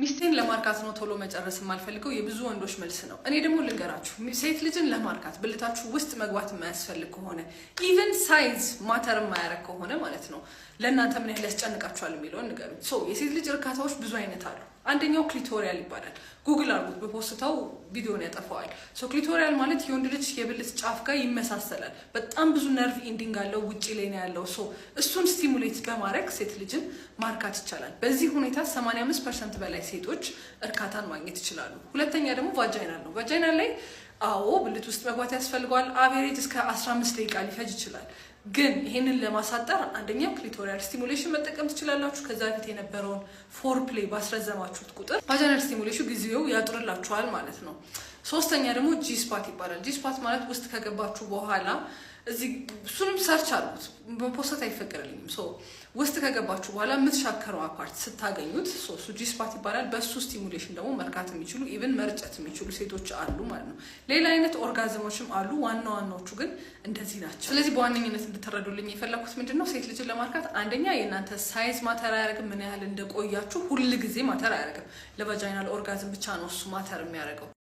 ሚስቴን ለማርካት ነው ቶሎ መጨረስ የማልፈልገው የብዙ ወንዶች መልስ ነው። እኔ ደግሞ ልንገራችሁ፣ ሴት ልጅን ለማርካት ብልታችሁ ውስጥ መግባት የማያስፈልግ ከሆነ ኢቨን ሳይዝ ማተር የማያረግ ከሆነ ማለት ነው ለእናንተ ምን ያህል ያስጨንቃችኋል የሚለውን ንገሩ። የሴት ልጅ እርካታዎች ብዙ አይነት አሉ። አንደኛው ክሊቶሪያል ይባላል። ጉግል አርጉት፣ በፖስተው ቪዲዮን ያጠፋዋል። ሶ ክሊቶሪያል ማለት የወንድ ልጅ የብልት ጫፍ ጋር ይመሳሰላል። በጣም ብዙ ነርቭ ኢንዲንግ አለው፣ ውጭ ላይ ነው ያለው። ሶ እሱን ስቲሙሌት በማድረግ ሴት ልጅን ማርካት ይቻላል። በዚህ ሁኔታ 85 ፐርሰንት በላይ ሴቶች እርካታን ማግኘት ይችላሉ። ሁለተኛ ደግሞ ቫጃይናል ነው። ቫጃይናል ላይ አዎ ብልት ውስጥ መግባት ያስፈልገዋል። አቬሬጅ እስከ 15 ደቂቃ ሊፈጅ ይችላል። ግን ይሄንን ለማሳጠር አንደኛ ክሊቶሪያል ስቲሙሌሽን መጠቀም ትችላላችሁ። ከዛ ፊት የነበረውን ፎር ፕሌይ ባስረዘማችሁት ቁጥር ቫጃናል ስቲሙሌሽን ጊዜው ያጥርላችኋል ማለት ነው። ሶስተኛ ደግሞ ጂስፓት ይባላል። ጂስፓት ማለት ውስጥ ከገባችሁ በኋላ እዚህ እሱንም ሰርች በፖስት አይፈቅርልኝም። ሶ ውስጥ ከገባችሁ በኋላ የምትሻከረው አፓርት ስታገኙት እሱ ጂስፓት ይባላል። በእሱ ስቲሙሌሽን ደግሞ መርካት የሚችሉ ኢቨን መርጨት የሚችሉ ሴቶች አሉ ማለት ነው። ሌላ አይነት ኦርጋዝሞችም አሉ። ዋና ዋናዎቹ ግን እንደዚህ ናቸው። ስለዚህ በዋነኝነት እንድትረዱልኝ የፈለኩት ምንድን ነው፣ ሴት ልጅን ለማርካት አንደኛ የእናንተ ሳይዝ ማተር አያደርግም። ምን ያህል እንደቆያችሁ ሁል ጊዜ ማተር አያደርግም። ለቫጃይናል ኦርጋዝም ብቻ ነው እሱ ማተር የሚያደርገው።